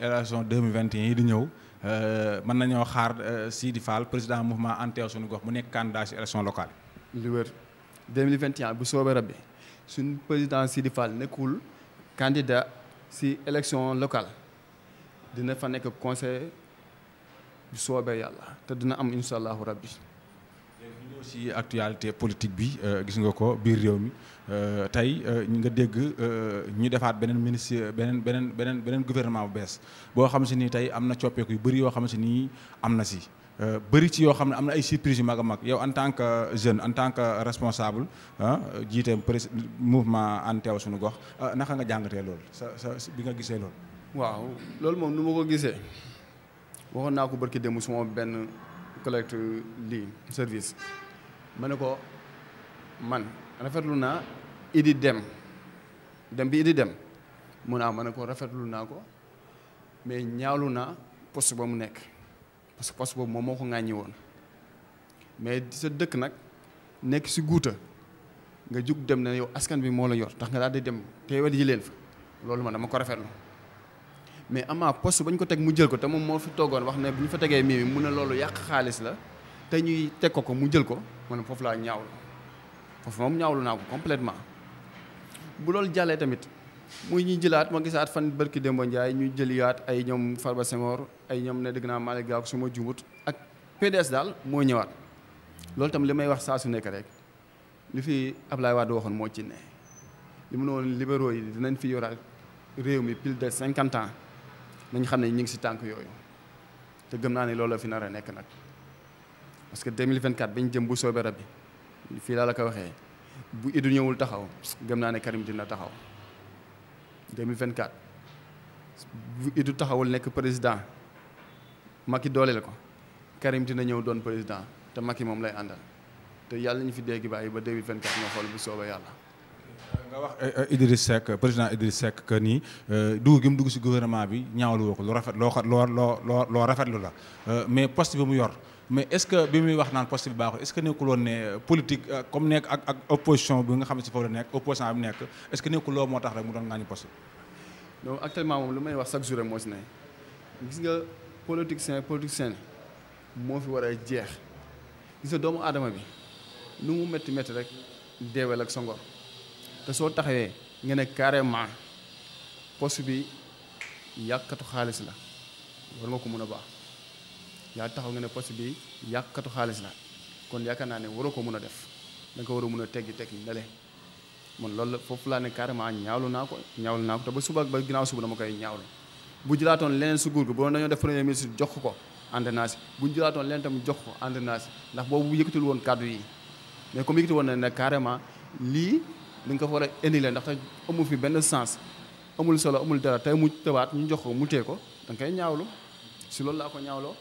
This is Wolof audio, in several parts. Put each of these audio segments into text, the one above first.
élection 2021 yi di ñëw euh, mën nañoo xaar euh, Sidi Fall président mouvement Anteew suñu gox mu nekk candidat si élection locale lu wér 2021 bu soobee rabbi suñu président siidi Fall nekkul candidat si élection locale dina fa nekk conseil bu soobee yàlla te dina am incha allahu rabbi ñëw si actualité politique bi euh, gis nga ko biir réew mi euh, tey euh, nga dégg ñu defaat beneen ministre beneen beneen beneen beneen gouvernement bu bees boo xam si ni tey am na coppeeku yu bëri yoo xam si ni am na si. bëri ci yoo xam ne am na ay surprise yu mag a mag yow en tant que jeune en tant que responsable ah jiite prés mouvement ànd teew suñu gox naka nga jàngatee lool sa sa bi nga gisee loolu. waaw loolu moom nu ma ko gisee waxoon naa ko barki démb suma benn collecte lii service. ma ne ko man rafetlu naa idi dem dem bi idi dem mun naa ah, ma ne ko rafetlu naa ko mais ñaalu naa post ba mu nekk parce que boobu moom moo ko ŋàññi woon mais sa dëkk nag nekk si guuta nga jug dem ne yow askan bi moo la yor tax nga daal di dem teewal ji leen fa loolu ma dama ko rafetlu mais ama post ba ñu ko teg mu jël ko te moom moo fi toogoon wax ne bu ñu fa tegee mii mi mu ne loolu yàq xaalis la te ñuy teg ko ko mu jël ko man foofu laa ñaawlu foofu moom ñaawlu naa ko complètement bu loolu jàllee tamit muy ñuy jëlaat ma gisaat fan barki Demba Ndiaye ñu jëliwaat ay ñoom Farba Senghor ay ñoom ne dëgg naa Malick Gakou su ma jumut ak PDS daal moo ñëwaat loolu tam li may wax saa su nekk rek li fi Ablaye Wade waxoon moo ci ne li mu ne woon libéraux yi dinañ fi yoraat réew mi pile de cinquante ans nañ xam ne ñu ngi si tànk yooyu te gëm naa ne loolu fi nar nekk nag parce que 2024 bañ jëm bu soobee rab bi fii laa la waxee bu Idu ñëwul taxaw gëm naa ne Karim dina taxaw 2024 bu Idu taxawul nekk président Macky dooleel ko Karim dina ñëw doon président te mag Macky moom lay àndal te yàlla ñu fi dégg bàyyi ba 2024 nga xool bu soobee yàlla. nga wax eh, eh, Idriss Seck président Idriss Seck que nii eh, dugg gi mu dugg si gouvernement bi ñaawlu woo ko lu rafet loo loo loo loo rafetlu la mais poste bi mu yor. mais est-ce que bi muy wax naan poste bi baaxul est-ce que nekkul woon ne politique euh, comme nekk ak opposition bi nga xam ne si foofu la nekk opposition bi nekk est-ce que nekkul loo moo tax rek mu doon ngaañu poste lu may wax chaque jour rek moo ne gis nga politicien politicien moo fi war jeex gis doomu aadama bi nu mu metti metti rek deeweel ak sa te soo taxee nga ne carrément poste bi yàqatu xaalis la war nga ko mën a baax. yaa taxaw nga ne poste bi yàqatu xaalis la kon yaakaar naa ne waroo ko mën a def da ko war a mën a teggi teggi nale man loolu la foofu laa ne carrément ñaawlu naa ko ñaawlu naa ko te ba suba ba ginnaaw suba dama koy ñaawlu bu jëlaatoon leneen su guur gi bu def premier ministre jox ko ànd naa bu ñu jëlaatoon leneen tam jox ko ànd naa ndax boobu yëkkatul woon kàddu yi mais comme yëkkatul woon na ne carrément lii dañ ko fa a indi ndax te amul fi benn sens amul solo amul dara tey mu tëbaat ñu jox ko mu tee ko da nga koy ñaawlu si loolu laa ko ñaawloo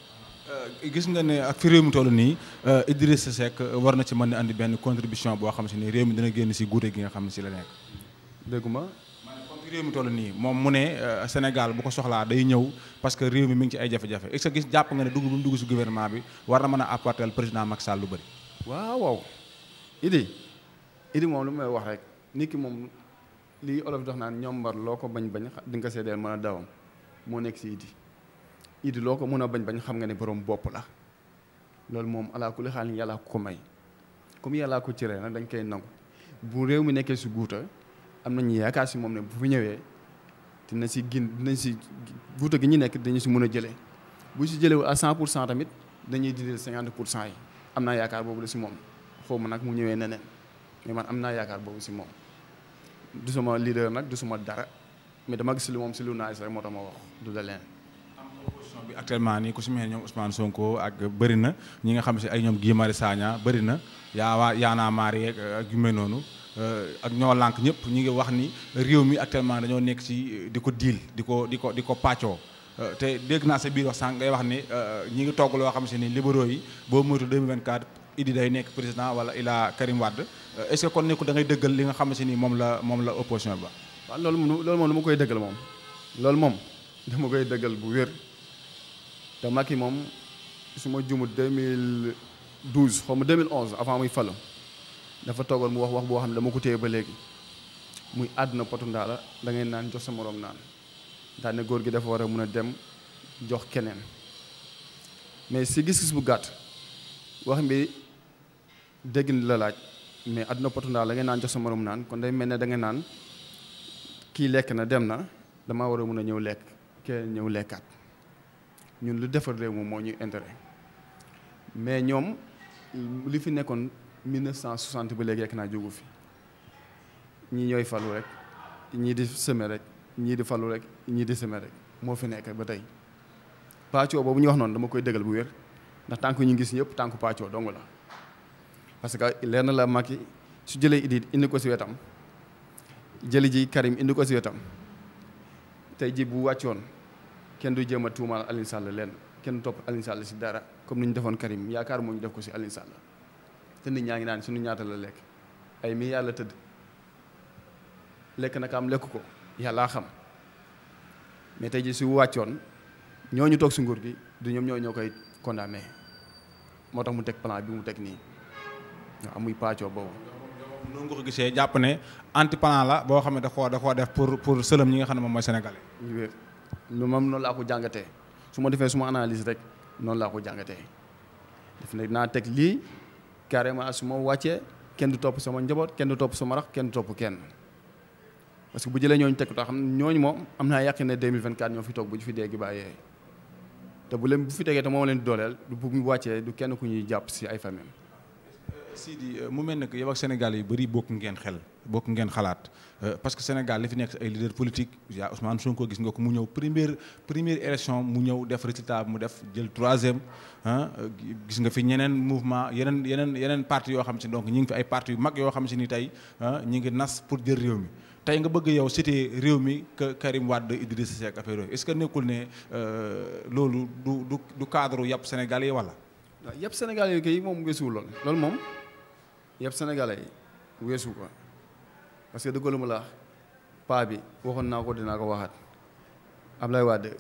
Euh, gis nga ne ak fi réew mi toll nii euh, Idrissa Seck euh, war na ci mën a indi benn contribution boo xam si ne réew mi dina génn si guute gi nga xam ne si la nekk. dégguma. comme fi réew mi toll nii moom mu ne Sénégal bu ko soxlaa day ñëw parce que réew mi mi ngi ci ay jafe-jafe est-ce gis jàpp nga ne dugg bu mu dugg si gouvernement bi war na mën a apporter le président Macky Sall lu bëri. waaw waaw Idi Idi moom lu may wax rek nit ki moom lii olof dox naan ñoom loo ko bañ bañ di nga seedeel mën a dawam moo nekk si Idi. idi loo ko mën a bañ bañ xam nga ne borom bopp la loolu moom alaa kulli xaal yàlla ko may comme yàllaa ko cëree nag dañ koy nangu bu réew mi nekkee si guuta am nañu yaakaar si moom ne bu ñëwee dina si gin dinañ si guuta gi ñu nekk dañu si mën a jëlee bu si jëlewul à cent pour cent tamit dañuy dindil cinquante pour cent yi am naa yaakaar boobu la si moom xaw ma nag mu ñëwee neneen mais man am naa yaakaar boobu si moom du sama leader nag du sama dara mais dama gis lu moom si lu naaj rek moo tax ma wax du la leen bi actuellement nii ku si mel ñoom Ousmane Sonko ak bëri na ñi nga xam si ay ñoom Guy Marius Sagna bëri na yaa waa yaanaa maari euh, ak yu noonu euh, ak ñoo lànk ñëpp ñi ngi wax ni réew mi actuellement dañoo nekk ci euh, di ko diil di ko di ko di ko pàccoo te dégg naa sa biir wax sànq ngay wax ni ñi ngi togg loo xam si ni libéraux yi boo moytu 2024 Idi day nekk président wala ila Karim wadd est-ce que kon nekkul da ngay dëggal li nga xam si ni moom la moom la opposition ba waaw loolu moom loolu moom dama koy dëggal moom loolu moom dama koy dëggal bu wér te Macky moom su ma jumut 2012 xaw ma 2011 avant muy falu dafa toogoon mu wax wax boo xam ne dama ko téye ba léegi muy àdduna potu ndaa la da naan jox sa moroom naan daane góor gi dafa war a mun a dem jox keneen mais si gis-gis gàtt wax bi dégg la laaj mais àdduna potu la ngay naan jox sa moroom naan kon day mel ne da nga naan kii lekk na dem na dama war a mun a ñëw lekk keneen ñëw lekkaat ñun lu defar réew moom moo ñuy intérêt mais ñoom li fi nekkoon 1960 ba léegi rek naa jógu fi ñi ñooy falu rek ñii di semé rek ñii di falu rek ñii di semé moo fi nekk ba tey pàccoo boobu ñu wax noonu dama koy dëggal bu wér ndax tànk ñu gis ñëpp tànk pacco dong la parce que leer na la Macky su jëlee Idy indi ko si wetam jëli ji Karim indi ko si wetam tey ji bu wàccoon kenn du jéem a tuumaal Alioune Sall lenn kenn topp Alioune Sall si dara comme ni ñu defoon Karim yaakaar moo ñu def ko si Alioune Sall te nit ñaa ngi naan suñu ñaata la lekk ay mi yàlla tëdd lekk na am lekk ko yàllaa xam mais tey ji su wàccoon ñoo ñu toog si nguur gi du ñoom ñoo ñoo koy condamné moo tax mu teg plan bi mu teg nii waaw muy pàccoo boobu. noo nga ko gisee jàpp ne anti plan la boo xam ne da koo da ko def pour pour sëlëm ñi nga xam ne moom mooy sénégalais. lu mam noonu laa ko jàngatee su ma defee suma analyse rek noonu laa ko jàngatee def na naa teg lii carrément su ma wàccee kenn du topp sama njaboot kenn du topp sama rax kenn du topp kenn parce que bu jëlee ñooñu teg tax xam ne ñooñu moom am naa yàqin ne 2024 ñoo fi toog bu ñu fi dee gi bàyyee te bu leen bu fi tegee te moom leen dooleel du bu mu wàccee du kenn ku ñuy jàpp si ay famille Sidi euh, mu mel ne que yow ak Sénégal yi bëri bokk ngeen xel bokk ngeen xalaat euh, parce que Sénégal li fi nekk ay leader politique yaa Ousmane Sonko gis nga ko mu ñëw première première élection mu ñëw def résultat mu def jël troisième ah gis nga fi ñeneen mouvement yeneen yeneen yeneen parti yoo xam si donc ñi ngi fi ay parti yu mag yoo xam si ni tey ñi ngi nas pour jël réew mi tey nga bëgg yow cité réew mi que Karim Wade Idrissa Seck affaire yooyu est que nekkul ne euh, loolu du du du cadre yàpp Sénégal yi wala. Sénégal yi kay moom yëpp sénégalais yi weesu ko parce que dëggalu ma la paa bi waxoon naa ko dinaa ko waxaat Ablaye Wade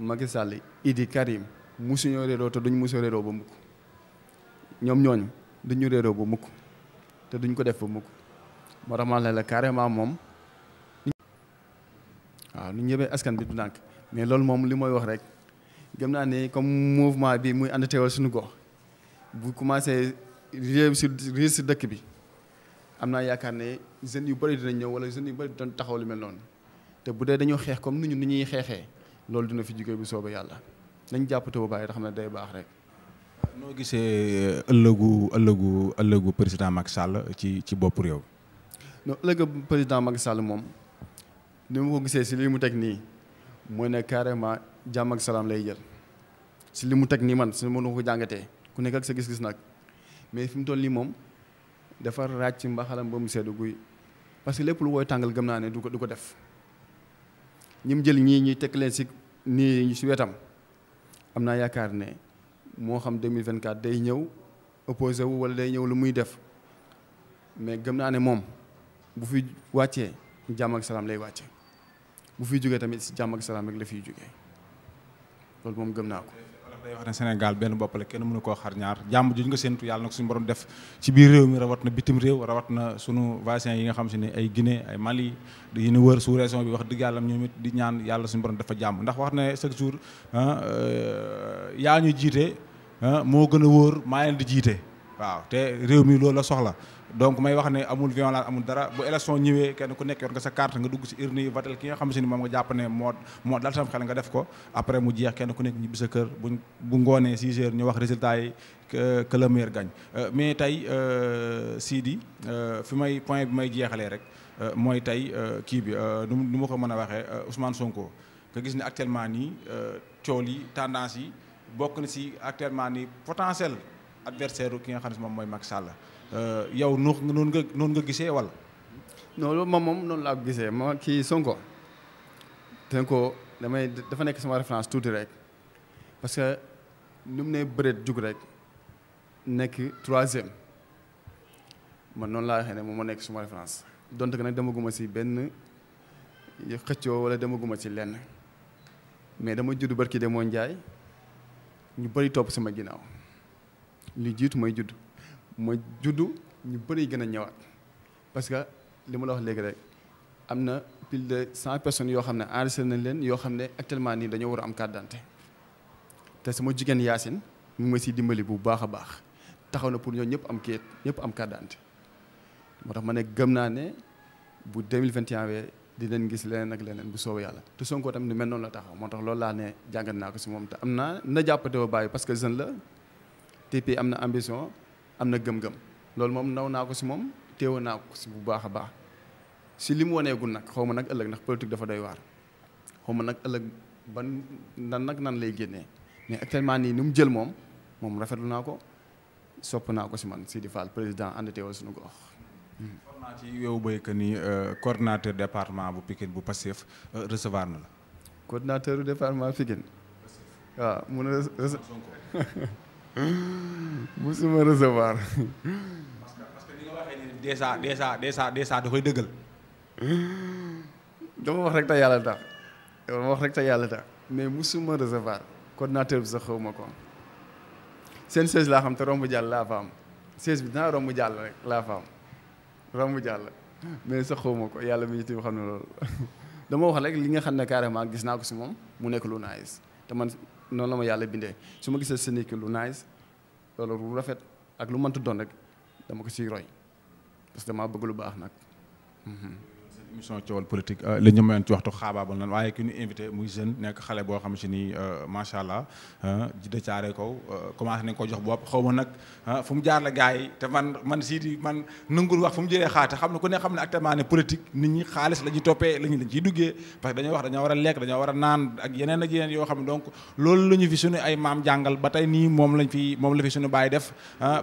Macky Sall Idi Karim musuñoo réeroo te duñ musu réeroo ba mukk ñoom ñooñu duñu réeroo ba mukk te duñ ko def ba mukk moo tax ma la carrément moom waaw nu ñëwee askan bi du nànk mais loolu moom li mooy wax rek gëm naa ne comme mouvement bi muy ànd teewal suñu gox bu commencé réussir si dëkk bi am naa yaakaar ne jeunes yu bari dinañ ñëw wala jeunes yu bëri doon taxaw lu mel noonu te bu dee dañoo xeex comme ni ñu ni ñuy xeexee loolu dina fi jógee bi soobee yàlla nañ jàppate bu baax xam ne day baax rek. noo gisee euh, ëllëgu ëllëgu ëllëgu président mag Sall ci ci bopp réew. non ëllëgu président mag sàll moom nu ma ko gisee si lii mu teg nii mooy ne carrément jàmm ak salaam lay jël si li mu teg nii man si mënu ko jàngatee ku nekk ak sa gis-gis nag. mais fi mu toll nii moom defar raaj ci mbaxalam ba mu seddu guy parce que lépp lu koy tàngal gëm naa ne du ko du ko def ñi jël ñii ñuy teg leen si nii si wetam am naa yaakaar ne moo xam 2024 day ñëw opposé wu wala day ñëw lu muy def mais gëm naa ne moom bu fi wàccee jàmm ak salaam lay wàcce bu fi jógee tamit si ak salaam rek la fiy jógee loolu moom gëm naa ko. day wax ne Sénégal benn bopp la kenn mënu koo xar ñaar jàmm juñ nga séntu yàlla na ko suñu borom def ci biir réew mi rawat na bitim réew rawat na suñu voisins yi nga xam si ne ay Guinée ay Mali yi ñu wër su région bi wax dëgg yàlla ñoom it di ñaan yàlla suñu borom dafa jàmm ndax wax ne chaque jour ah, euh, yaa ñu jiite ah, moo gën a wóor maa di jiite waaw te réew mi loolu la soxla donc may wax ne amul violence amul dara bu élection ñëwee kenn ku nekk yor nga sa carte nga dugg si urne yi vatel ki nga xam si ni moom nga jàpp ne moo moo dal sam xel nga def ko après mu jeex kenn ku nekk ñibbi sa kër buñ bu ngoonee 6 heures ñu wax résultat yi que le meilleur gagne euh, mais tey euh, Sidi euh, fi may point bi may jeexalee rek mooy tey kii bi nu ma ko mën a waxee Ousmane Sonko nga gis ni actuellement nii cool yi tendance yi bokk na si actuellement nii potentiel adversaire ki nga xam ne moom mooy Macky Sall Euh, yow nu noonu nga noonu nga gisee walla non loolu moom moom noonu laa ko gisee ma kii Sonko. te ko damay dafa nekk sama référence tuuti rek parce que nu mu nee bëreet jug rek nekk troisième man noonu laa waxee ne moom ma nekk suma référence. donte que nag demaguma si benn xëccoo wala demaguma si lenn mais dama judd barki de moo njaay ñu bëri topp sama ginnaaw li jiitu may judd. ma juddu ñu bëri gën a ñëwaat parce que li ma la wax léegi rek am na plus de cent personnes yoo xam ne enregistré nañ leen yoo xam ne actuellement nii dañoo war am carte d'identité te sama jigéen Yacine mu ma siy dimbali bu baax a baax taxaw na pour ñoo ñëpp am kayit ñëpp am carte moo tax ma ne gëm naa ne bu 2021 wee di neen gis leneen ak leneen bu soobee yàlla te Sonko tamit lu mel noonu la taxaw moo tax loolu laa ne jàngat naa ko si moom te am naa na jàppate ba parce que jeune la te am na ambition am na gëm-gëm loolu moom naw naa ko si moom téewa naa ko si bu baax a baax si li mu waneegul nag xaw ma nag ëllëg ndax politique dafa doy waar xaw ma nag ëllëg ban nan nag nan lay génnee mais actuellement nii ni mu jël moom moom rafetlu naa ko sopp naa ko si man Sidi Fall président ànd teewal suñu gox. Hmm. xool naa ci yow béykat ni euh, coordonnateur département bu Pikine bu Pastef euh, recevoir na la. coordonnateur département Pikine. waaw ah, mun a. musuma recevoir. parce que parce que ni nga da koy dëggal. dama wax rek te yàlla tax dama wax rek te yàlla tax mais musuma recevoir coordinateur bi sax xaw ma ko seen siège laa xam te romb jàll laa fa am siège bi dinaa romb jàll rek laa fa am romb jàll mais sax xaw ma ko yàlla mi itam xam ne loolu dama wax rek li nga xam ne carrément gis naa ko si moom mu nekk lu nice te man. noonu la ma yàlla bindee su ma gisee scénique lu nice wala lu rafet ak lu mënta doon rek dama ko si roy parce que damaa bëgg lu baax nag. Mhm. émission coowal politique li ñu mën ci waxtu xaabaabal nan waaye ki ñu invité muy jeune nekk xale boo xam si ni euh, macha allah ji euh, de caare kaw euh, commencé ko jox bopp xaw ma nag fu mu jaar la gars yi te man man sii man nangul wax fu mu jëlee xaar te xam ne ku ne xam ne actuellement ne politique nit ñi xaalis la ñuy toppee la ñu lañ ciy duggee parce que dañoo wax dañoo war a lekk dañoo war naan ak yeneen ak yeneen yoo xam ne donc loolu la ñu fi suñu ay maam jàngal ba tey nii moom lañ fi moom la fi suñu bàyyi def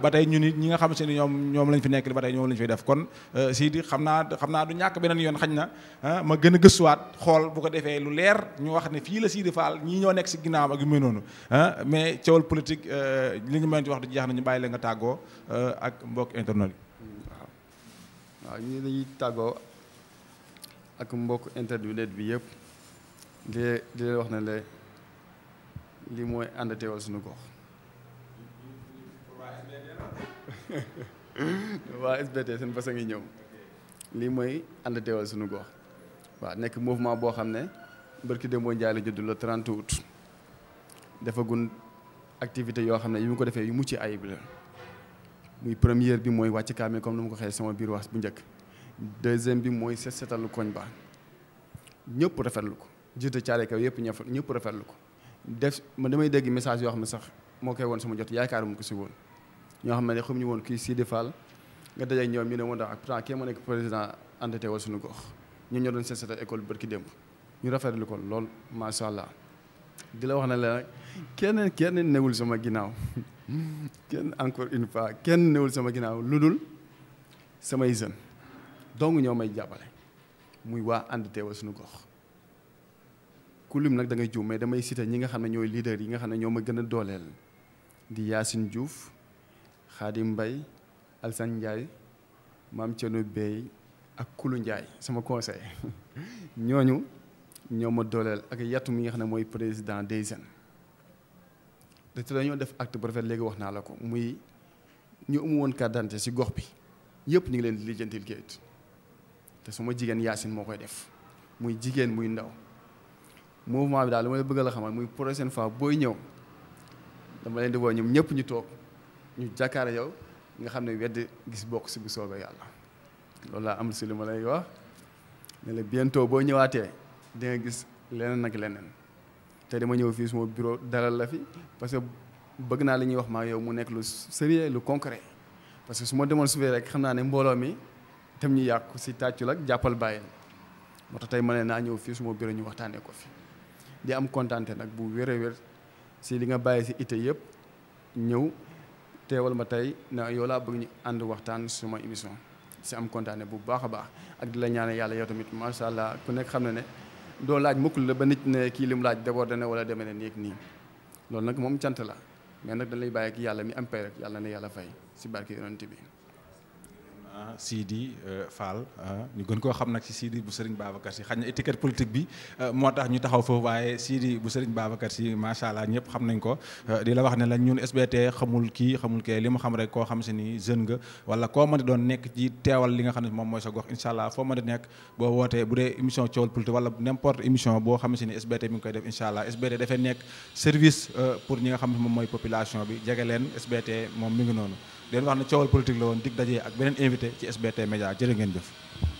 ba tey ñu nit ñi nga xam si ni ñoom ñoom lañ fi nekk ba tey ñoom lañ fi kon sii di xam naa xam naa du ñàkk beneen xañ na ah, ma gën a gëstuwaat xool bu ko defee lu leer ñu wax ne fii la Sidy Fall ñii ñoo nekk si ginnaawam ak yu noonu ah, mais coowal politique euh, li ñu ci wax du jeex na bàyyi la nga tàggoo euh, ak mbokk internet yi. waaw tàggoo ak mbokk internet bi yëpp di di wax ne le lii mooy ànd teewal suñu gox. waa SBT seen basa ngi ñëw. lii mooy ànd teewal suñu gox waaw nekk mouvement boo xam ne barki démboo njaay la judd le 30 août dafa gun activité yoo xam ne yi mu ko defee yu ci ayib la muy première bi mooy wàcc kaamil comme ni ma ko xëyee sama biir wax bu njëkk deuxième bi mooy set setalu koñ ba ñëpp rafetlu ko jiite caare kaw yëpp ñëpp lu ko def man damay dégg message yoo xam ne sax moo koy woon suma jot yaakaar mu ko si woon ñoo xam ne ñu woon kii Sidi Fall nga dajeeg ñoom ñu ne woon ak pourtant kee moo nekk président entité wala suñu gox ñu ñoo doon seetal école bërki démb ñu rafetlu ko lool macha allah di wax ne la kenn kenn newul sama ginnaaw encore une kenn newul sama ginnaaw lu dul samay jeunes donc ñoo may jàppale muy waa entité wala suñu gox. lim nag da ngay juum mais damay cité ñi nga xam ne ñooy leader yi nga xam ne ñoo ma gën a dooleel di Yacine Diouf Khadim Mbaye alsan Ndiaye maam Thierno Bey ak Kulu njaay sama conseil ñooñu ñoo ma dooleel ak yattu mi nga xam ne mooy président des jeunes te te def acte bu rafet léegi wax naa la ko muy ñu amu woon carte si gox bi yëpp ñu ngi leen di lijjantil kayit te su ma jigéen Yacine moo koy def muy jigéen muy ndaw mouvement bi daal li ma la bëgg la xamal muy prochaine fois booy ñëw dama leen di woo ñoom ñëpp ñu toog ñu jàkkaar yow nga xam ne wedd gis bokk si bu soobee yàlla loolu laa am si li ma lay wax ne la bientôt boo ñëwaatee di gis leneen ak leneen te dama ñëw fii suma bureau daral la fi parce que bëgg naa li ñuy wax maa yow mu nekk lu sérieux lu concret parce que su ma demoon suufee rek xam naa ne mbooloo mi tam ñu yàqu si tàccul ak jàppal bàyyil moo tax tey ma ne naa ñëw fii suma bureau ñu waxtaanee ko fi di am kontaan nag bu wér si li nga bàyyi si ité yëpp ñëw teewal ma tey na yow laa bëgg ñu ànd waxtaan suma émission si am kontaane bu baax a baax ak di la ñaane yàlla yow tamit macha allah ku nekk xam na ne doo laaj mukk la ba nit ne kii li mu laaj débordé na wala demee ne nii ak nii loolu nag moom cant la mais nag dañ lay bàyyi ak yàlla mi am pay rek yàlla na yàlla fay si barke yonent bi Ah, Sidi euh, Fall ah, ñu gën koo xam nag ci Sidi bu Serigne Babacar Sy xañ na étiquette politique bi euh, moo tax ñu taxaw foofu waaye Sidi bu Serigne Babacar Sy macha allah ñëpp xam nañ ko euh, di la wax ne la ñun SBT xamul kii xamul kee li mu xam rek koo xam si ni jeune nga wala koo mën di doon nekk ci teewal li nga xam ne moom mooy sa gox incha allah foo mën di nekk boo wootee bu dee émission coowal politique wala n'importe émission boo xam si ni SBT mi ngi koy def incha allah SBT dafay pour ñi nga xam moom mooy population bi jege leen SBT moom mi ngi noonu leen wax ne coowal politique la woon dig daje ak beneen invité ci SBT Média jërë ngeen jëf